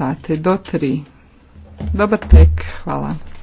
sati do 3. Dobar tek, hvala.